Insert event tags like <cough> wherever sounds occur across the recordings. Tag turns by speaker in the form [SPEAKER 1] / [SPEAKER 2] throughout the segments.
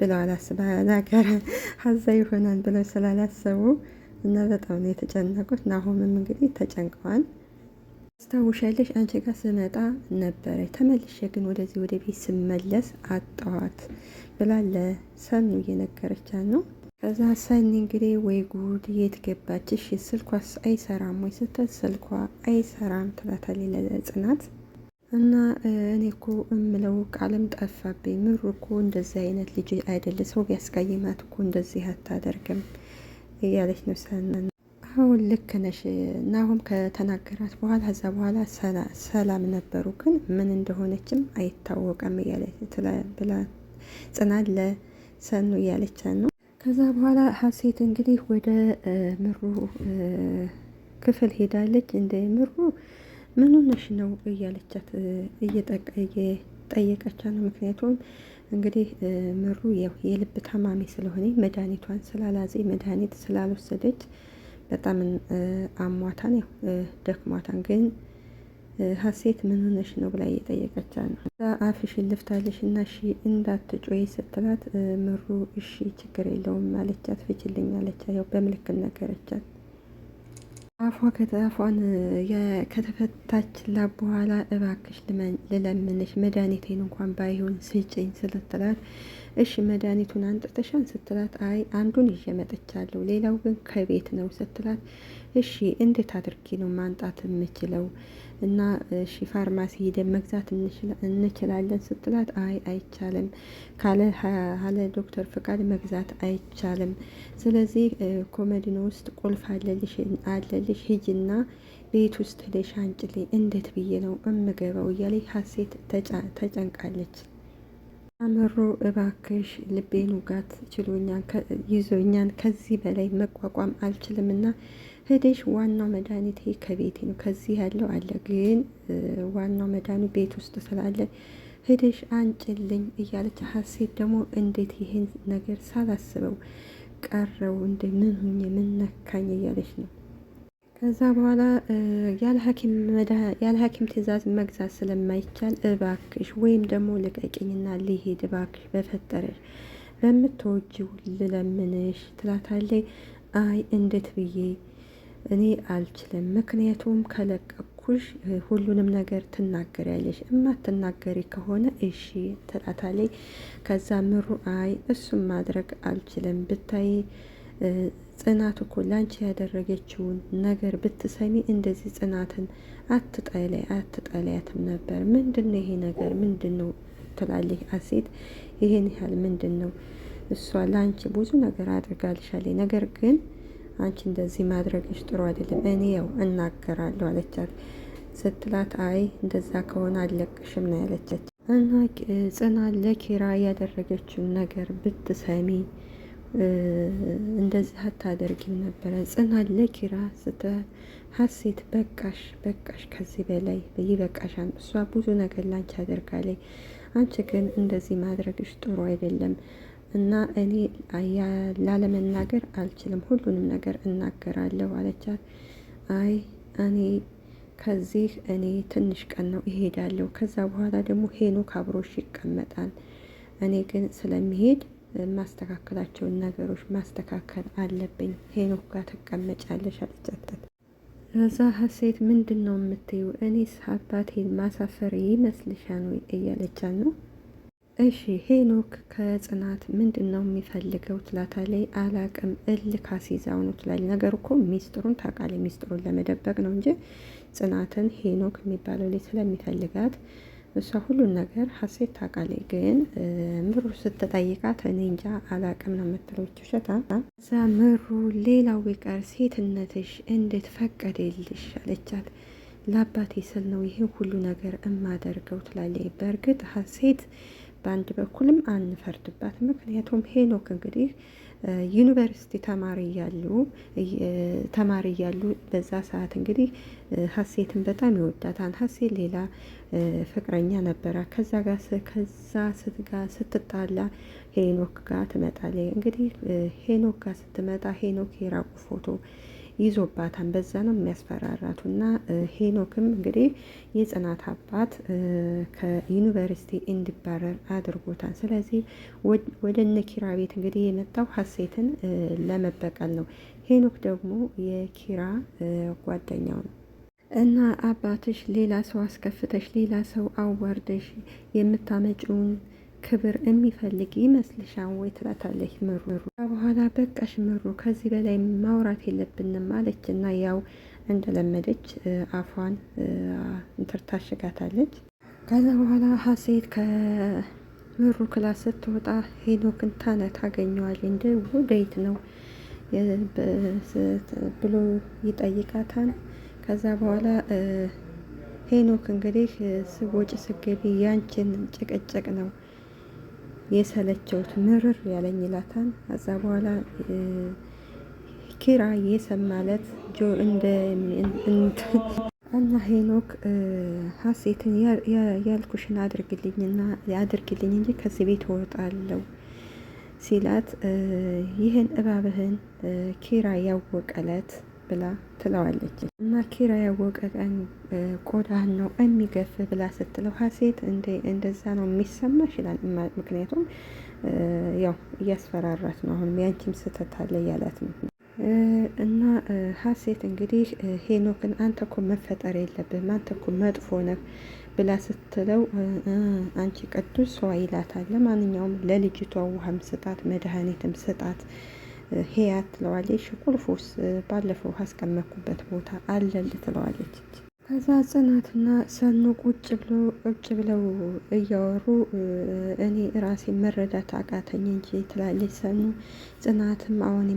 [SPEAKER 1] ብለው አላስበ ሀገር ሀዛ ይሆናል ብለው ስላላሰቡ እና በጣም ነው የተጨነቁት። ናሆምም እንግዲህ ተጨንቀዋል። አስታውሻለሽ አንቺ ጋር ስመጣ ነበረ ተመልሼ ግን ወደዚህ ወደ ቤት ስመለስ አጣዋት ብላለ ሰኑ እየነገረቻት ነው። ከዛ ሰኒ እንግዲህ ወይ ጉድ የት ገባችሽ? ስልኳ አይሰራም ወይ ስትል ስልኳ አይሰራም ትላታለች ለጽናት እና እኔ እኮ እምለው ቃልም ጠፋብኝ። ምሩ እኮ እንደዚህ አይነት ልጅ አይደለ፣ ሰው ቢያስቀይማት እኮ እንደዚህ አታደርግም እያለች ነው። አሁን ልክ ነሽ። ናሆም ከተናገራት በኋላ ከዛ በኋላ ሰላም ነበሩ፣ ግን ምን እንደሆነችም አይታወቀም እያለች ብላ ጽናት ለሰኑ እያለች ነው። ከዛ በኋላ ሀሴት እንግዲህ ወደ ምሩ ክፍል ሄዳለች። እንደ ምሩ ምን ሆነሽ ነው እያለቻት እየጠየቀቻ ነው። ምክንያቱም እንግዲህ ምሩ ያው የልብ ታማሚ ስለሆነ መድኃኒቷን ስላላዘ መድኃኒት ስላልወሰደች በጣም አሟታን ያው ደክሟታን ግን ሀሴት ምን ሆነሽ ነው ብላ እየጠየቀቻ ነው። እዛ አፍሽ ልፍታለሽ እና እሺ እንዳትጮይ ስትላት ምሩ እሺ ችግር የለውም አለቻት። ፍችልኝ አለቻት። ያው በምልክት ነገረቻት። አፏ ከተፏን ከተፈታችላት በኋላ እባክሽ ልለምንሽ መድኃኒቴን እንኳን ባይሆን ስጭኝ ስትላት፣ እሺ መድኃኒቱን አንጥተሻን ስትላት፣ አይ አንዱን ይዤ መጥቻለሁ ሌላው ግን ከቤት ነው ስትላት፣ እሺ እንዴት አድርጌ ነው ማንጣት የምችለው እና እሺ ፋርማሲ ሄደን መግዛት እንችላለን ስትላት አይ አይቻልም፣ ካለ ዶክተር ፍቃድ መግዛት አይቻልም። ስለዚህ ኮመዲኖ ውስጥ ቁልፍ አለልሽ አለልሽ ሂጅና ቤት ውስጥ ሄደሽ አንጭልኝ፣ እንዴት ብዬ ነው እምገባው እያለ ሀሴት ተጨንቃለች። አምሮ እባክሽ ልቤን ውጋት ችሎኛን ይዞኛን ከዚህ በላይ መቋቋም አልችልምና ሄደሽ ዋናው መድኃኒት ከቤቴ ነው፣ ከዚህ ያለው አለ፣ ግን ዋናው መድኃኒት ቤት ውስጥ ስላለ ሄደሽ አንጭልኝ እያለች ሀሴት ደግሞ እንዴት ይሄን ነገር ሳላስበው ቀረው እንደ ምን ሁኜ ምን ነካኝ እያለች ነው። ከዛ በኋላ ያለ ሐኪም ትእዛዝ መግዛት ስለማይቻል እባክሽ ወይም ደግሞ ልቀቂኝና ሊሄድ እባክሽ በፈጠረሽ በምትወጂው ልለምንሽ ትላታለች። አይ እንዴት ብዬ እኔ አልችልም። ምክንያቱም ከለቀኩሽ ሁሉንም ነገር ትናገሪያለሽ። እማትናገሪ ከሆነ እሺ ትላታለች። ከዛ ምሩ አይ እሱም ማድረግ አልችልም ብታይ ጽናት እኮ ላንቺ ያደረገችውን ነገር ብትሰሚ እንደዚህ ጽናትን አትጠላይ አትጠላያትም ነበር። ምንድን ነው ይሄ ነገር ምንድን ነው ትላለች አሴት። ይሄን ያህል ምንድን ነው እሷ ላንቺ ብዙ ነገር አድርጋልሻለች ነገር ግን አንቺ እንደዚህ ማድረግሽ ጥሩ አይደለም፣ እኔ ያው እናገራለሁ አለቻት። ስትላት አይ እንደዛ ከሆነ አለቅሽም ነው ያለቻት። እና ጽናት ለኪራ ያደረገችውን ነገር ብትሰሚ እንደዚህ አታደርጊም ነበረ። ጽናት ለኪራ ስተ ሀሴት በቃሽ በቃሽ፣ ከዚህ በላይ ይበቃሻል። እሷ ብዙ ነገር ላንቺ አደርጋለች፣ አንቺ ግን እንደዚህ ማድረግሽ ጥሩ አይደለም። እና እኔ ላለመናገር አልችልም፣ ሁሉንም ነገር እናገራለሁ አለቻት። አይ እኔ ከዚህ እኔ ትንሽ ቀን ነው እሄዳለሁ፣ ከዛ በኋላ ደግሞ ሄኖክ አብሮሽ ይቀመጣል። እኔ ግን ስለሚሄድ ማስተካከላቸውን ነገሮች ማስተካከል አለብኝ። ሄኖክ ጋር ትቀመጫለሽ አለቻት። ከዛ ሀሴት ምንድን ነው የምትይው? እኔስ አባቴን ማሳፈር ይመስልሻ ነው እያለቻት ነው እሺ ሄኖክ ከጽናት ምንድን ነው የሚፈልገው ትላታለች። አላቅም እልክ አስይዛው ነው ትላለች። ነገር እኮ ሚስጥሩን ታውቃለች። ሚስጥሩን ለመደበቅ ነው እንጂ ጽናትን ሄኖክ የሚባለው ላይ ስለሚፈልጋት እሷ ሁሉን ነገር ሀሴት ታውቃለች። ግን ምሩ ስትጠይቃት እኔ እንጃ አላቅም ነው የምትለው። ውሸታ እዛ ምሩ ሌላው ቢቀር ሴትነትሽ እንዴት ፈቀደልሽ አለቻት። ለአባቴ ስል ነው ይህን ሁሉ ነገር እማደርገው ትላለች። በእርግጥ ሀሴት በአንድ በኩልም አንፈርድባት። ምክንያቱም ሄኖክ እንግዲህ ዩኒቨርሲቲ ተማሪ እያሉ ተማሪ እያሉ በዛ ሰዓት እንግዲህ ሀሴትን በጣም ይወዳታል። ሀሴት ሌላ ፍቅረኛ ነበረ። ከዛ ጋር ከዛ ጋር ስትጣላ ሄኖክ ጋር ትመጣለች። እንግዲህ ሄኖክ ጋር ስትመጣ ሄኖክ የራቁ ፎቶ ይዞባታን በዛ ነው የሚያስፈራራቱ እና ሄኖክም እንግዲህ የጽናት አባት ከዩኒቨርሲቲ እንዲባረር አድርጎታል። ስለዚህ ወደ እነ ኪራ ቤት እንግዲህ የመጣው ሀሴትን ለመበቀል ነው። ሄኖክ ደግሞ የኪራ ጓደኛው ነው እና አባትሽ ሌላ ሰው አስከፍተሽ ሌላ ሰው አዋርደሽ የምታመጭውን ክብር የሚፈልግ ይመስልሻን ወይ ትላታለች ምሩ። በኋላ በቃሽ ምሩ፣ ከዚህ በላይ ማውራት የለብንም አለች እና ያው እንደለመደች አፏን እንትር ታሽጋታለች። ከዛ በኋላ ሀሴት ከምሩ ክላስ ስትወጣ ሄኖክን ታነ ታገኘዋል። እንደ ወዴት ነው ብሎ ይጠይቃታል። ከዛ በኋላ ሄኖክ እንግዲህ ስወጭ ስገቢ ያንቺን ጭቅጭቅ ነው የሰለቸውት ምርር ያለኝ ይላታል። ከዛ በኋላ ኪራ የሰማለት ጆ እንደ እና ሄኖክ ሀሴትን ያልኩሽን አድርግልኝና አድርግልኝ እንጂ ከዚህ ቤት እወጣለሁ ሲላት ይህን እባብህን ኪራ ያወቀለት ብላ ትለዋለች እና ኪራ ያወቀ ቀን ቆዳህን ነው የሚገፍ ብላ ስትለው ሀሴት እንደዛ ነው የሚሰማ ይችላል። ምክንያቱም ያው እያስፈራራት ነው። አሁን ያንቺም ስህተት አለ እያላት ነው። እና ሀሴት እንግዲህ ሄኖክን አንተ እኮ መፈጠር የለብህም አንተ እኮ መጥፎ ነህ ብላ ስትለው አንቺ ቅዱስ ሰው ይላታል። ለማንኛውም ለልጅቷ ውሃም ስጣት፣ መድኃኒትም ስጣት ሄያት ትለዋለች። ቁልፉስ ባለፈው ካስቀመጥኩበት ቦታ አለል ትለዋለች። ከዛ ጽናትና ሰኑ ቁጭ ብሎ ቁጭ ብለው እያወሩ እኔ ራሴ መረዳት አቃተኝ እንጂ ትላለች ሰኑ። ጽናትም አሁን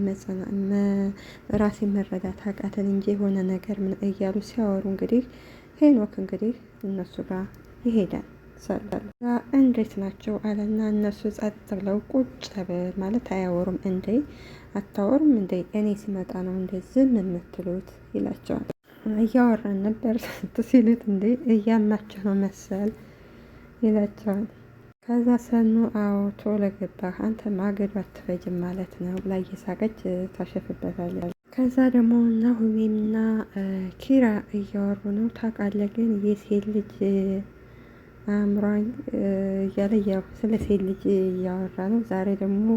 [SPEAKER 1] ራሴ መረዳት አቃተን እንጂ የሆነ ነገር ምን እያሉ ሲያወሩ እንግዲህ ሄኖክ እንግዲህ እነሱ ጋር ይሄዳል። እንዴት ናቸው አለና እነሱ ጸጥ ብለው ቁጭ ማለት አያወሩም እንዴ አታወሩም እንደ እኔ ስመጣ ነው እንደ እንደዚህ የምትሉት ይላቸዋል። እያወራን ነበር <laughs> ሲሉት እንዴ እያማቸው ነው መሰል ይላቸዋል። ከዛ ሰኑ አዎ ቶሎ ገባ አንተ ማገዶ አትፈጅም ማለት ነው ብላ እየሳቀች ታሸፍበታለች። ከዛ ደግሞ ናሁሜና ኪራ እያወሩ ነው። ታውቃለህ ግን የሴት ልጅ አእምሯን እያለ ስለ ሴት ልጅ እያወራ ነው ዛሬ ደግሞ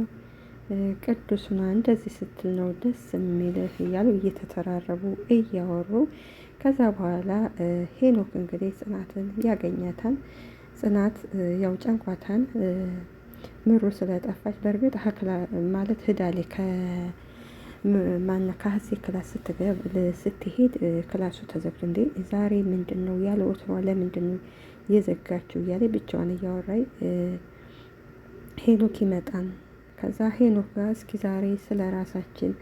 [SPEAKER 1] ቅዱስ ና እንደዚህ ስትል ነው ደስ የሚልህ እያሉ እየተተራረቡ እያወሩ ከዛ በኋላ ሄኖክ እንግዲህ ጽናትን ያገኛታል። ጽናት ያው ጨንቋታን ምሩ ስለጠፋች በእርግጥ ሀክላ ማለት ህዳሌ ከማና ካህሴ ክላስ ስትገብ ስትሄድ ክላሱ ተዘግቶ እንዴ ዛሬ ምንድን ነው ያለ ወትሯ ለምንድን ነው የዘጋችው እያለ ብቻዋን እያወራይ ሄኖክ ይመጣል። ከዛ ሄኖክ ጋር እስኪ ዛሬ ስለ ራሳችን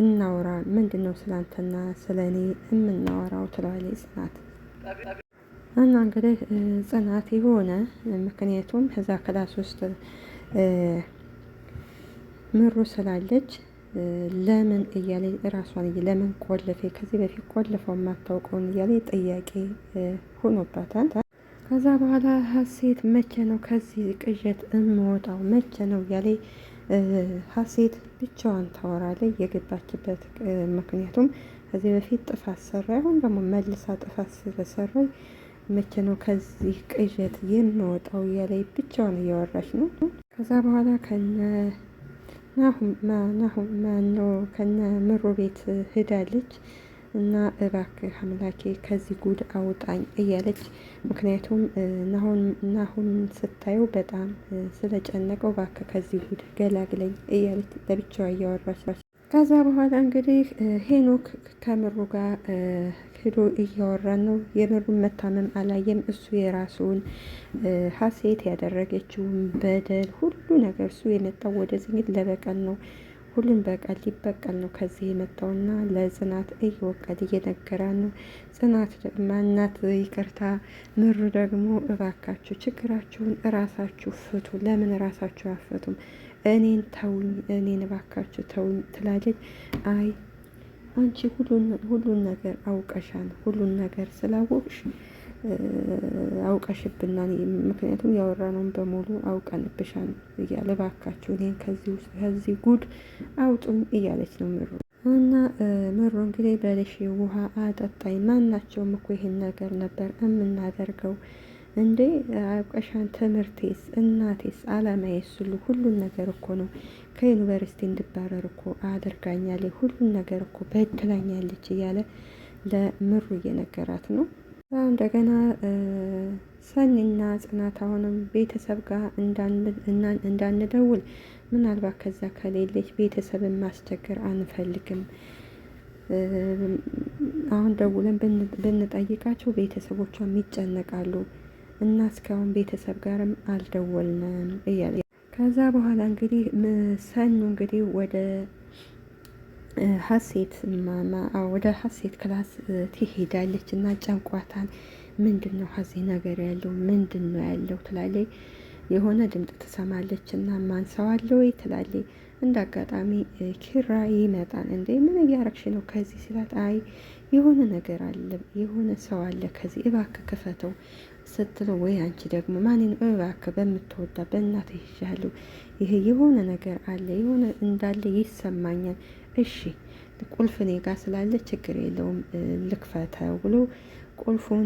[SPEAKER 1] እናውራ፣ ምንድን ነው አንተና ስለ እኔ የምናወራው ትለዋለች ጽናት። እና እንግዲህ ጽናት የሆነ ምክንያቱም ከዛ ክላስ ውስጥ ምሩ ስላለች ለምን እያለ ራሷን ለምን ቆልፌ ከዚህ በፊት ቆልፈው የማታውቀውን እያለ ጥያቄ ሆኖባታል። ከዛ በኋላ ሀሴት መቼ ነው ከዚህ ቅዠት እንወጣው መቼ ነው እያለ ሀሴት ብቻዋን ታወራለች የገባችበት ምክንያቱም ከዚህ በፊት ጥፋት ሰራ አሁን ደግሞ መልሳ ጥፋት ስለሰራ መቼ ነው ከዚህ ቅዠት የምወጣው እያለ ብቻዋን እያወራች ነው። ከዛ በኋላ ከነ ምሩ ቤት ሄዳለች። እና እባክህ አምላኬ ከዚህ ጉድ አውጣኝ እያለች ምክንያቱም ናሁን ስታየው በጣም ስለጨነቀው እባክህ ከዚህ ጉድ ገላግለኝ እያለች ለብቻዋ እያወራች ከዛ በኋላ እንግዲህ ሄኖክ ከምሩ ጋር ሄዶ እያወራ ነው። የምሩን መታመም አላየም። እሱ የራሱን ሀሴት ያደረገችውን በደል ሁሉ ነገር እሱ የመጣው ወደ ዝኝት ለበቀል ነው። ሁሉም በቃል ሊበቀል ነው ከዚህ የመጣውና ለጽናት እየወቀል እየነገራ ነው። ጽናት ማናት ይቅርታ፣ ምሩ ደግሞ እባካችሁ ችግራችሁን እራሳችሁ ፍቱ፣ ለምን እራሳችሁ አፈቱም? እኔን ተውኝ፣ እኔን እባካችሁ ተውኝ ትላለች። አይ አንቺ ሁሉን ነገር አውቀሻል፣ ሁሉን ነገር ስላወቅሽ አውቀሽብናል ምክንያቱም ያወራነውን በሙሉ አውቀንብሻን እያለ ባካችሁ እኔን ከዚህ ውስጥ ከዚህ ጉድ አውጡም እያለች ነው ምሩ እና ምሩ እንግዲህ በልሽ ውሃ አጠጣኝ። ማናቸውም እኮ ይህን ነገር ነበር የምናደርገው እንዴ አውቀሻን። ትምህርቴስ፣ እናቴስ፣ አላማዬስ ሁሉ ሁሉን ነገር እኮ ነው። ከዩኒቨርሲቲ እንድባረር እኮ አድርጋኛለች። ሁሉን ነገር እኮ በድላኛለች እያለ ለምሩ እየነገራት ነው። እንደገና ሰኒና ጽናት አሁንም ቤተሰብ ጋር እንዳንደውል ምናልባት ከዛ ከሌለች ቤተሰብን ማስቸገር አንፈልግም። አሁን ደውለን ብንጠይቃቸው ቤተሰቦቿም ይጨነቃሉ እና እስካሁን ቤተሰብ ጋርም አልደወልንም እያለ ከዛ በኋላ እንግዲህ ሰኑ እንግዲህ ወደ ሀሴት ማማ ወደ ሀሴት ክላስ ትሄዳለች እና ጨንቋታን ምንድን ነው ሀዚህ ነገር ያለው ምንድን ነው ያለው ትላለች። የሆነ ድምፅ ትሰማለች እና ማንሰዋለው ወይ ትላለች። እንደ አጋጣሚ ኪራ ይመጣል። እንዴ ምን እያረግሽ ነው ከዚህ ሲላት፣ አይ የሆነ ነገር አለ የሆነ ሰው አለ ከዚህ እባክህ ክፈተው ስትለው፣ ወይ አንቺ ደግሞ ማንን እባክህ በምትወዳ በእናትህ ይሻሉ ይሄ የሆነ ነገር አለ የሆነ እንዳለ ይሰማኛል እሺ ቁልፍ እኔ ጋር ስላለ ችግር የለውም ልክፈተው ብሎ ቁልፉን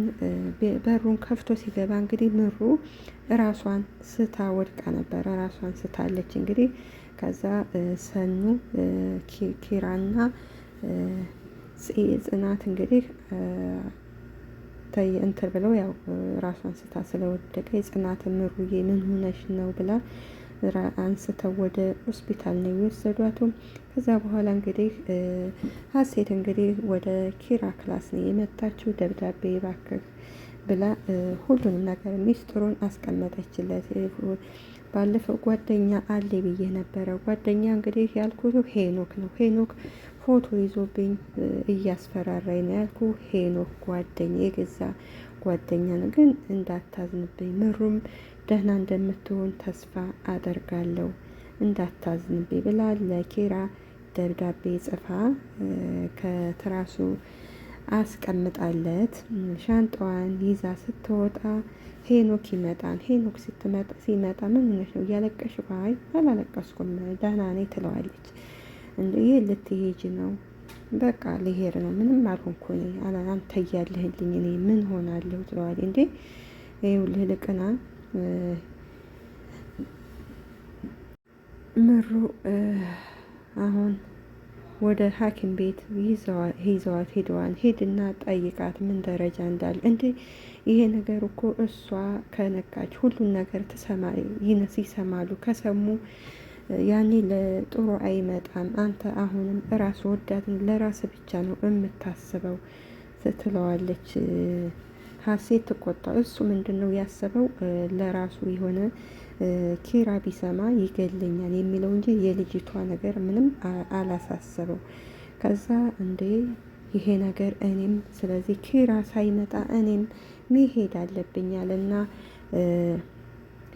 [SPEAKER 1] በሩን ከፍቶ ሲገባ እንግዲህ ምሩ ራሷን ስታ ወድቃ ነበረ። ራሷን ስታለች እንግዲህ ከዛ ሰኑ ኪራና ጽናት እንግዲህ እንትን ብለው ያው ራሷን ስታ ስለወደቀ የጽናት ምሩዬ ምን ሆነሽ ነው ብላ አንስተው ወደ ሆስፒታል ነው የወሰዷቱ። ከዛ በኋላ እንግዲህ ሀሴት እንግዲህ ወደ ኪራ ክላስ ነው የመጣችው። ደብዳቤ ባክህ ብላ ሁሉንም ነገር ሚስጥሩን አስቀመጠችለት። ባለፈው ጓደኛ አለ ብዬ ነበረ። ጓደኛ እንግዲህ ያልኩት ሄኖክ ነው። ሄኖክ ፎቶ ይዞብኝ እያስፈራራኝ ነው ያልኩ ሄኖክ ጓደኛ የገዛ ጓደኛ ነው። ግን እንዳታዝንብኝ ምሩም ደህና እንደምትሆን ተስፋ አደርጋለሁ እንዳታዝንብ ብላ ለኪራ ደብዳቤ ጽፋ ከትራሱ አስቀምጣለት ሻንጣዋን ይዛ ስትወጣ ሄኖክ ይመጣል። ሄኖክ ሲመጣ ምን ሆነሽ ነው እያለቀሽ? ባይ አላለቀስኩም ደህና ነኝ ትለዋለች። እንደ ይህ ልትሄጅ ነው? በቃ ልሄድ ነው ምንም አልሆንኩ ነኝ አንተ እያለህልኝ እኔ ምን ሆናለሁ? ትለዋለች። እንዴ ይኸውልህ ልቅና ምሩ አሁን ወደ ሐኪም ቤት ይዘዋት ሄደዋል። ሄድና ጠይቃት ምን ደረጃ እንዳለ እንዴ ይሄ ነገር እኮ እሷ ከነቃች ሁሉን ነገር ይነስ ይሰማሉ። ከሰሙ ያኔ ለጥሩ አይመጣም። አንተ አሁንም ራስ ወዳድን ለራስ ብቻ ነው የምታስበው ትለዋለች። ሀሴት ተቆጣ። እሱ ምንድን ነው ያሰበው ለራሱ የሆነ ኪራ ቢሰማ ይገለኛል የሚለው እንጂ የልጅቷ ነገር ምንም አላሳሰበው። ከዛ እንዴ ይሄ ነገር እኔም ስለዚህ ኪራ ሳይመጣ እኔም መሄድ አለብኛል እና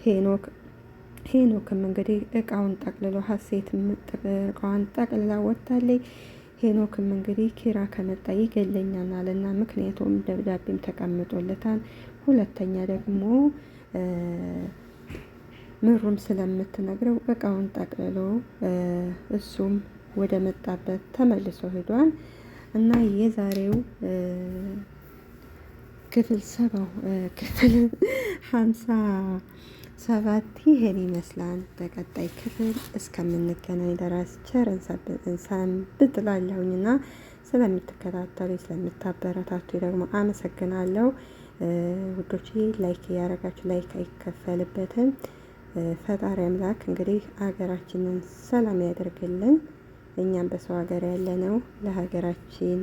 [SPEAKER 1] ሄኖክ ሄኖክም እንግዲህ እቃውን ጠቅልሎ ሀሴት እቃዋን ጠቅልላ ወጥታለች። ሄኖክም እንግዲህ ኪራ ከመጣ ይገለኛል አለና ምክንያቱም ደብዳቤም ተቀምጦለታል። ሁለተኛ ደግሞ ምሩም ስለምትነግረው እቃውን ጠቅልሎ እሱም ወደ መጣበት ተመልሶ ሄዷል እና የዛሬው ክፍል ሰባው ክፍል ሀምሳ ሰባት ይሄን ይመስላል። በቀጣይ ክፍል እስከምንገናኝ ድረስ ቸር እንሰንብት እላለሁኝና ስለምትከታተሉ ስለምታበረታቱ ደግሞ አመሰግናለሁ ውዶች። ላይክ እያደረጋችሁ ላይክ አይከፈልበትም። ፈጣሪ አምላክ እንግዲህ አገራችንን ሰላም ያደርግልን። እኛም በሰው ሀገር ነው ለሀገራችን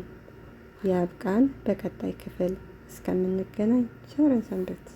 [SPEAKER 1] ያብቃን። በቀጣይ ክፍል እስከምንገናኝ ቸር እንሰንብት።